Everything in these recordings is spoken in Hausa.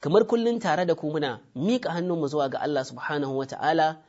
kamar kullun tare da ku muna miƙa hannunmu zuwa ga Allah subhanahu wa ta'ala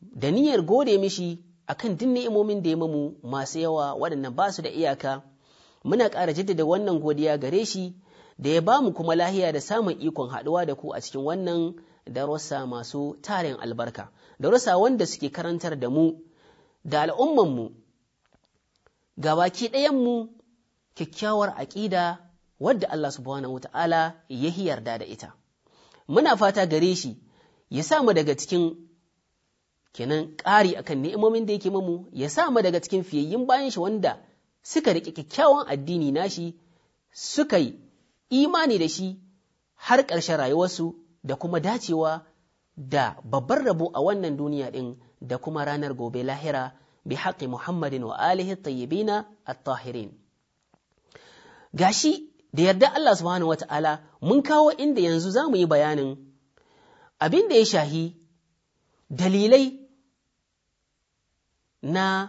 da niyyar gode mishi akan duk ni'imomin da ya mamu masu yawa waɗannan ba su da iyaka muna ƙara jaddada wannan godiya gare shi da ya ba mu kuma lahiya da samun ikon haɗuwa da ku a cikin wannan darussa masu tarin albarka darussa wanda suke karantar da mu da al'ummanmu ga baki ɗayanmu kyakkyawar aƙida wadda Allah subhanahu wata'ala ya yarda da ita muna fata gare shi ya sa mu daga cikin kenan ƙari akan ni'imomin da yake mamu ya sa mu daga cikin fiyayyin bayan shi wanda suka riƙe kyakkyawan addini na shi. suka yi imani da shi har ƙarshen rayuwarsu da kuma dacewa da babbar rabo a wannan duniya ɗin da kuma ranar gobe lahira bi haƙi Muhammadin wa alihi tayyibina at-tahirin gashi da yarda Allah subhanahu wata'ala mun kawo inda yanzu za mu yi bayanin abin da ya shahi dalilai na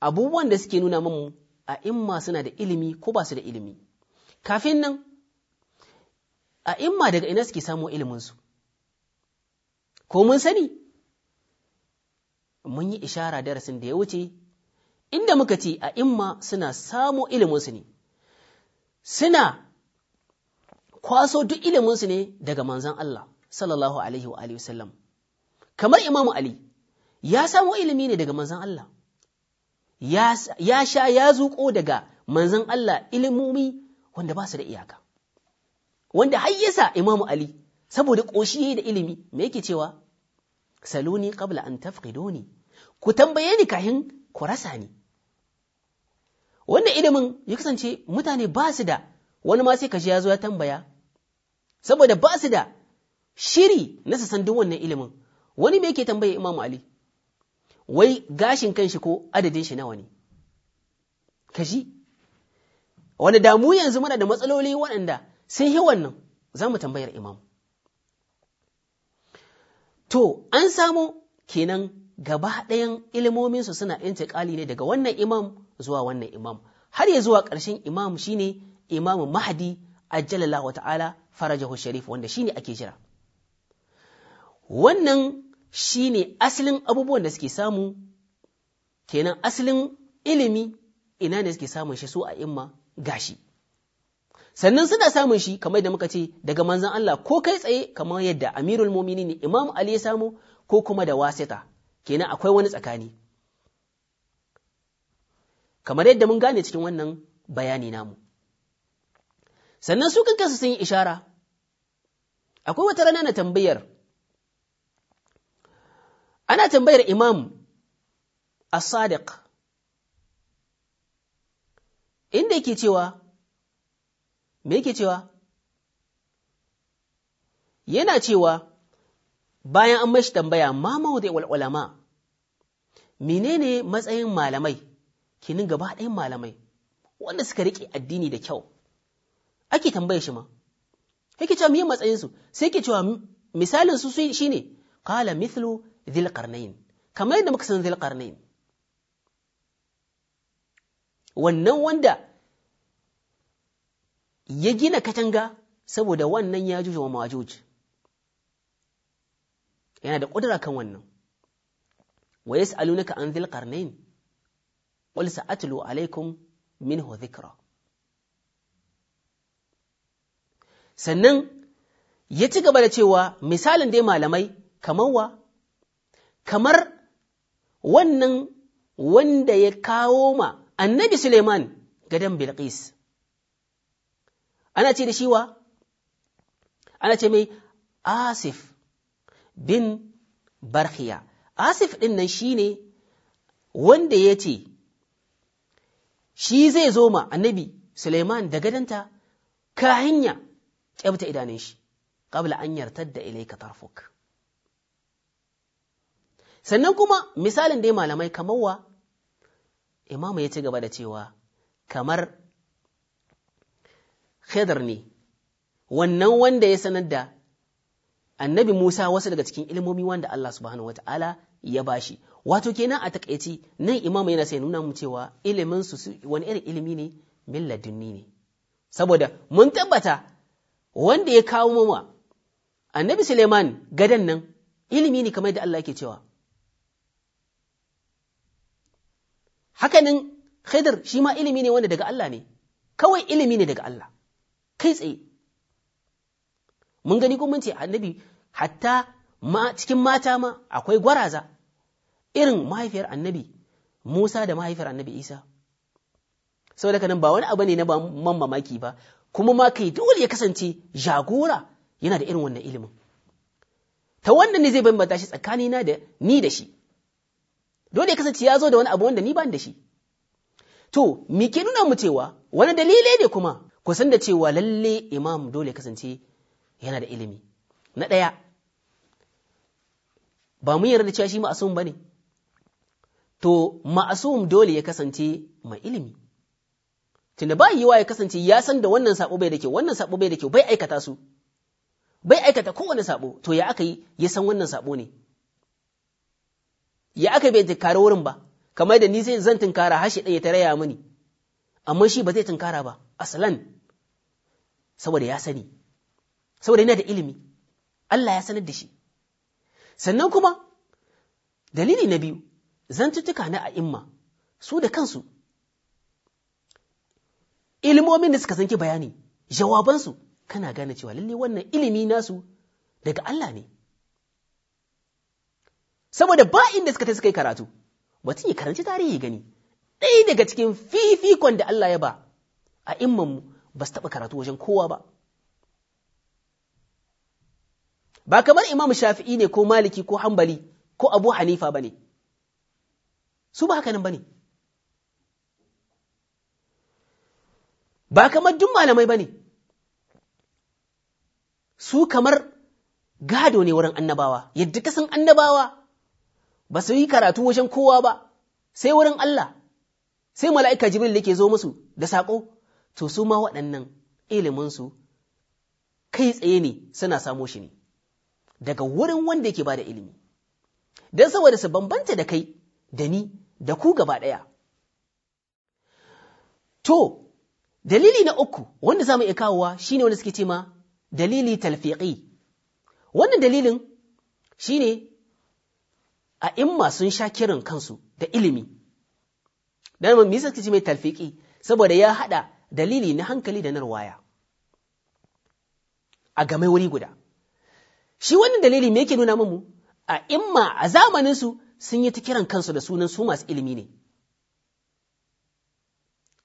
abubuwan da suke nuna mamu a imma suna da ilimi ko ba su da ilimi kafin nan a imma daga ina suke samu iliminsu ko mun sani mun yi ishara darasin da ya wuce inda muka ce a imma suna samo iliminsu ne suna kwaso duk iliminsu ne daga manzan Allah sallallahu alaihi wa kamar imamu Ali ya samo ilimi ne daga manzan Allah ya sha ya zuƙo daga manzan Allah ilimomi wanda ba su da iyaka wanda har yasa imamu Ali saboda ƙoshi da ilimi me yake cewa saluni qabla an tafqiduni ku tambaye ni kahin ku rasa ni Wannan ilimin ya kasance mutane ba su da wani ma sai kashi ya zo ya tambaya saboda ba su da shiri na duk wannan ilimin wani me yake tambaya Imam ali wai gashin kanshi ko adadin shi nawa ne kashi wani damu yanzu muna da matsaloli waɗanda sai yi wannan za mu tambayar imam to an samo kenan gaba ɗayan ilmominsu suna intiƙali ne daga wannan imam zuwa wannan imam har ya zuwa ƙarshen imam shine imam mahadi ajjalala wa ta'ala farajahu sharif wanda shine ake jira wannan shine asalin abubuwan da suke samu kenan asalin ilimi ina ne suke samun shi su a imma gashi sannan suna samun shi kamar da muka ce daga manzan Allah ko kai tsaye kamar yadda Amirul ne Imam Ali ya samu ko kuma da wasita kenan akwai wani tsakani kamar yadda mun gane cikin wannan bayani namu sannan su kansu sun yi ishara akwai wata rana na tambayar ana tambayar imam a sadiq inda yake cewa me yake cewa yana cewa bayan an mashi tambaya ma mawdi wal ulama menene matsayin malamai kinin gaba ɗayan malamai wanda suka riƙe addini da kyau ake tambaye shi ma yake cewa miye matsayinsu sai yake cewa misalin su shine qala mithlu dhil qarnayn kamar yadda muka san dhil qarnayn wannan wanda ya gina katanga saboda wannan ya juju wa majuji yana da ƙudura kan wannan wa yas'alunaka an zil qarnayn qul sa'atlu alaykum minhu dhikra sannan ya ci gaba da cewa misalin dai malamai kamar wa kamar wannan wanda ya kawo ma annabi Suleiman gadon Bilqis. Ana ce da shi wa? Ana ce mai Asif bin barhiya asif ɗin nan shi ne wanda ya ce shi zai zo ma annabi suleiman da gadanta ka hanya ƙyabta idanun shi ƙabla an yartar da ilaika tarfuk sannan kuma misalin dai malamai kamar wa imamu ya ci gaba da cewa kamar khidr ne wannan wanda ya sanar da annabi Musa wasu daga cikin ilmomi wanda Allah subhanahu ta'ala ya bashi wato kenan a takaici nan imamu yana sai nuna mu cewa ilimin su wani irin ilimi ne min ladunni ne saboda mun tabbata wanda ya kawo wa, annabi Suleiman gadan nan ilimi ne kamar da Allah yake cewa hakanin Khidr shi ma ilimi ne wanda daga Allah ne kawai ilimi ne daga Allah kai tsaye mun gani kuma ce annabi hatta ma cikin mata ma akwai gwaraza irin mahaifiyar annabi Musa da mahaifiyar annabi Isa saboda nan ba wani abu ne na man mamaki ba kuma ma kai dole ya kasance jagora yana da irin wannan ilimin ta wannan ne zai bambanta shi tsakanina da ni da shi dole ya kasance ya zo da wani abu wanda ni ban da shi to me ke nuna mu cewa wani dalilai ne kuma ku da cewa lalle imam dole ya kasance yana da ilimi na ɗaya ba mu yarda cewa shi ma'asum ba ne to ma'asum dole ya kasance mai ilimi tunda ba yiwa ya kasance ya san da wannan sabo bai da kyau wannan sabo bai da kyau bai aikata su bai aikata kowane sabo to ya aka yi ya san wannan sabo ne ya aka bai tunkara wurin ba kamar da ni sai zan tunkara hashi ɗaya ta raya mini amma shi ba zai tunkara ba asalan saboda ya sani saboda yana da ilimi Allah ya sanar da shi sannan kuma dalili na biyu zantuttuka na a'imma su da kansu ilimomin da suka sanki bayani jawabansu kana gane cewa lalle wannan ilimi nasu daga Allah ne saboda ba inda suka ta suka yi karatu mutum ya karanci tarihi gani ɗaya daga cikin fifikon da Allah ya ba a mu ba su taɓa karatu wajen kowa ba ba kamar imam shafi'i ne ko maliki ko hambali ko abu hanifa ba ne su ba haka nan ba ne ba kamar duk malamai ba ne su kamar gado ne wurin annabawa yadda kasan annabawa ba su yi karatu wajen kowa ba sai wurin Allah sai mala'ika jibril da ke zo musu da saƙo to su ma waɗannan iliminsu kai tsaye ne suna samo shi ne daga wurin wanda yake ba da ilimi don saboda su bambanta da kai da ni da ku gaba ɗaya to dalili na uku wanda za mu iya kawowa shine wanda suke ce ma dalili talfiƙi wannan dalilin shi ne a in sun sha kiran kansu da ilimi don mu suke ce mai talfiƙi saboda ya haɗa dalili na hankali da na ruwaya a game wuri guda shi wannan dalili me yake nuna mamu? a imma a zamaninsu sun yi ta kiran kansu da sunan su masu ilimi ne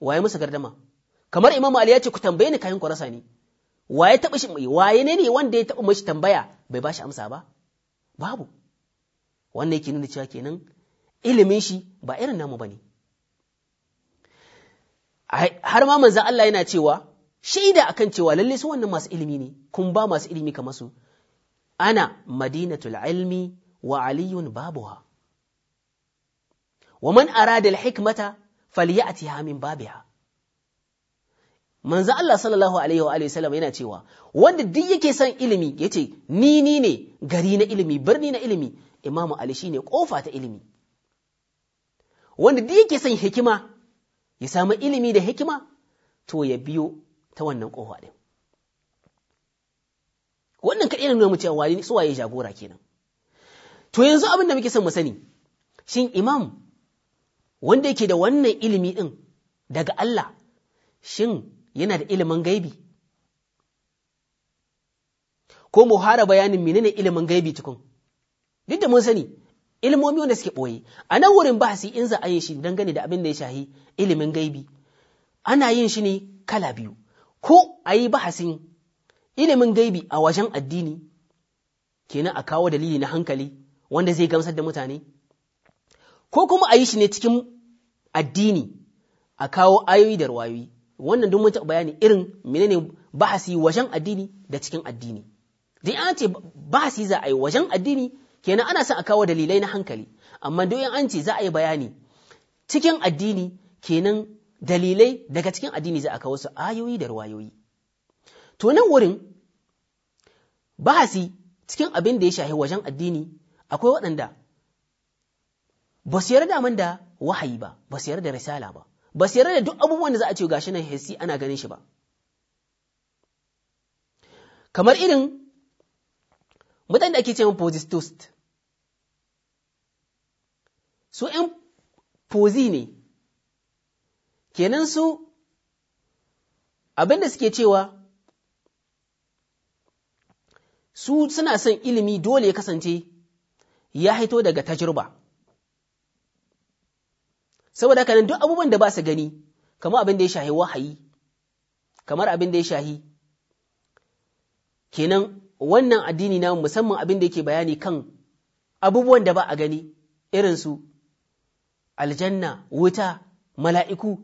waye musu gardama kamar imamu ali ya ce ku tambaye ni kayan kwarasa ne waye taba shi waye ne ne wanda ya taba mashi tambaya bai bashi amsa ba babu wannan yake nuna cewa kenan ilimin shi ba irin namu ba ne. har ma manzo Allah yana cewa shaida akan cewa lalle su wannan masu ilimi ne kun ba masu ilimi kamar su ana madinatul ilmi wa aliyun babuha wa man arada al-hikmata falyatiha min babiha manzo Allah sallallahu alaihi wa alihi sallam yana cewa wanda duk yake son ilimi yace ni ni ne gari na ilimi birni na ilimi imamu ali shine kofa ta ilimi wanda duk yake son hikima ya samu ilimi da hikima to ya biyo ta wannan kofa din irin nuna mu wani su waye jagora kenan to yanzu abin da muke son mu sani shin imam wanda yake da wannan ilimi din daga Allah shin yana da ilimin gaibi ko mu hara bayanin menene ilimin gaibi tukun duk da mun sani ilmomi wanda suke boye a nan wurin bahasi in za a yi shi dangane da abin da ya shahi ilimin gaibi ana yin shi ne kala biyu ko ayi bahasin ilimin gaibi a wajen addini kenan a kawo dalili na hankali wanda zai gamsar da mutane ko kuma a yi shi ne cikin addini a kawo ayoyi da ruwayoyi wannan duk mun taɓa bayani irin menene bahasi wajen addini da cikin addini dai an ce bahasi za a yi wajen addini kenan ana son a kawo dalilai na hankali amma duk an ce za a yi bayani cikin addini kenan dalilai daga cikin addini za a kawo su ayoyi da ruwayoyi To nan wurin, bahasi cikin abin da ya shahi wajen addini akwai waɗanda ba su yarda man da wahayi ba, ba su yarda da risala ba, ba su yarda da duk abubuwan da za a ce gashi nan hissi ana ganin shi ba. Kamar irin mutane da ake ce Positist, su ‘yan pozi ne, kenan su abin da suke cewa su suna son ilimi dole ya kasance ya haito daga tajirba saboda kanan duk abubuwan da ba su gani kamar abin da ya shahi wahayi kamar abin da ya shahi kenan wannan addini na musamman abin da yake bayani kan abubuwan da ba a gani irin su aljanna wuta mala'iku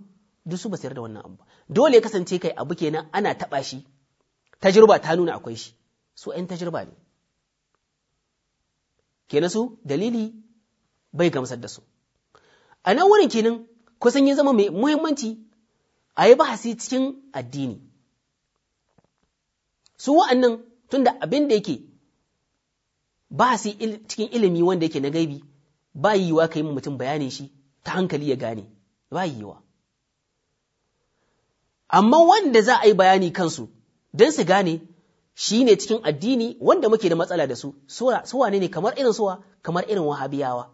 duk su ba da wannan abu dole ya kasance kai abu kenan ana taɓa shi tajirba ta nuna akwai shi su ‘yan tajirba ne kenan su dalili bai gamsar da su a nan wurin kenan kusan ya zama mai muhimmanci a yi bahasi cikin addini su wa'annan tun da abin da yake bahasi cikin ilimi wanda yake na gaibi ba yiwa ka yi mutum bayanin shi ta hankali ya gane ba yiwa amma wanda za a yi bayani kansu don su gane shi ne cikin addini wanda muke da matsala da su suwa ne ne kamar irin suwa kamar irin wahabiyawa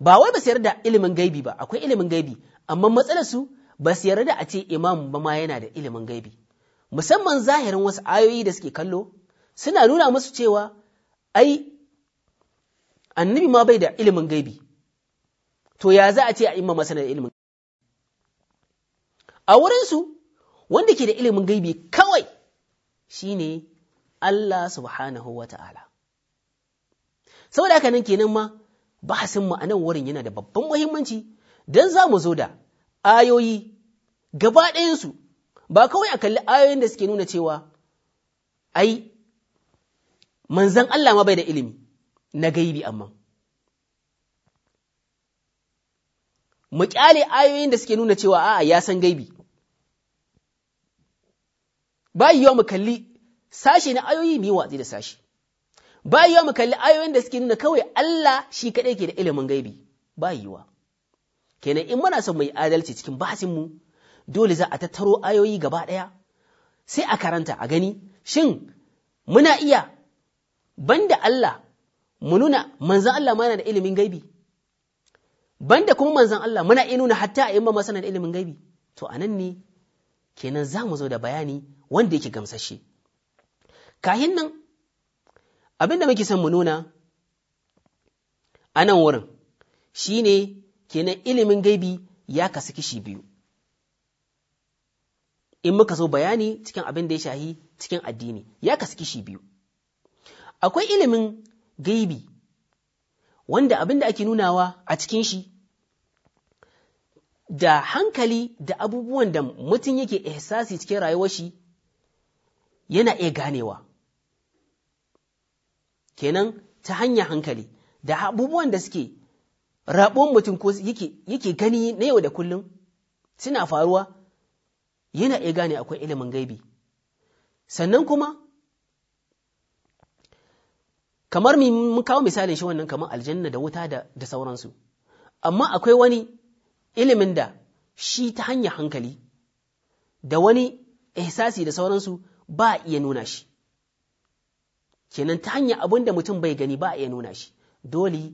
ba wai ba su yarda ilimin gaibi ba akwai ilimin gaibi amma matsalar su ba su yarda a ce imam ba ma yana da ilimin gaibi musamman zahirin wasu ayoyi da suke kallo suna nuna musu cewa ai annabi ma bai da ilimin gaibi to ya za a ce a imma masa da ilimin a wurinsu wanda ke da ilimin gaibi kawai Shi ne Allah subhanahu wa ta'ala. Sau da nan kenan ma bahasin mu a nan wurin yana da babban muhimmanci don za mu zo da ayoyi gaba ɗayansu ba kawai a kalli ayoyin da suke nuna cewa ai manzan Allah ma bai da ilimi na gaibi amma. Mu ƙyale ayoyin da suke nuna cewa a'a ya san gaibi, ba yiwa mu kalli sashe na ayoyi mu yi watsi da sashi ba yiwa mu kalli ayoyin da suke nuna kawai Allah shi kaɗai ke da ilimin gaibi ba yiwa kenan in muna son mu yi adalci cikin basin mu dole za a tattaro ayoyi gaba ɗaya sai a karanta a gani shin muna iya banda Allah mu nuna manzan Allah ma yana da ilimin gaibi banda kuma manzan Allah muna iya nuna hatta a yamma masana da ilimin gaibi to a nan ne kenan za mu zo da bayani wanda yake gamsashe kahin nan abin da muke son mu nuna a nan wurin shi ne kenan ilimin gaibi ya kasu kishi biyu in muka zo bayani cikin abin da ya shahi cikin addini ya kasu kishi biyu akwai ilimin gaibi wanda abin da ake nunawa a cikin shi da hankali da abubuwan da mutum yake ihsasi cikin rayuwar shi yana iya ganewa kenan ta hanyar hankali da abubuwan da suke rabon mutum ko yake gani na yau da kullum suna faruwa yana iya gane akwai ilimin gaibi sannan kuma kamar mun kawo misalin shi wannan kamar aljanna da wuta da sauransu amma akwai wani ilimin da shi ta hanyar hankali da wani ihsasi da sauransu ba a iya nuna shi kenan ta hanyar abin da mutum bai gani ba a iya nuna shi dole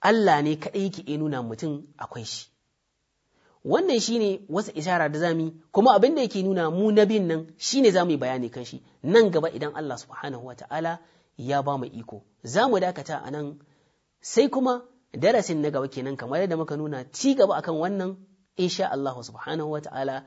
Allah ne kaɗai yake iya nuna mutum akwai shi wannan shi ne wasu isara da zami kuma abin da yake nuna mu na bin nan shi ne za mu yi bayani kan shi nan gaba idan Allah subhanahu wa ta'ala ya ba mu iko za mu dakata a nan sai kuma darasin na gaba kenan kamar yadda muka nuna ci gaba akan wannan insha Allah subhanahu wa ta'ala